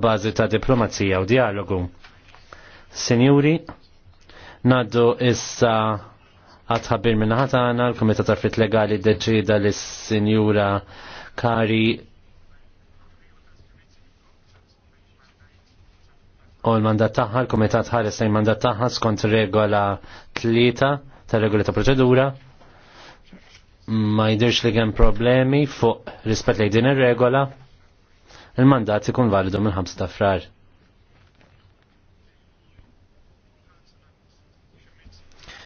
bazi ta' diplomazija u dialogu. Sinjuri, naddu issa għadħabir minna ħatana, l-Komitat Arfit Legali deċida li s-Sinjura Kari u l-mandat taħħa, l-Komitat ħares lejn mandat taħħa skont regola tlita ta' regola ta' proċedura ma jidirx li għem problemi fuq rispet lejn din ir-regola il-mandat ikun validu minn 5 ta' frar.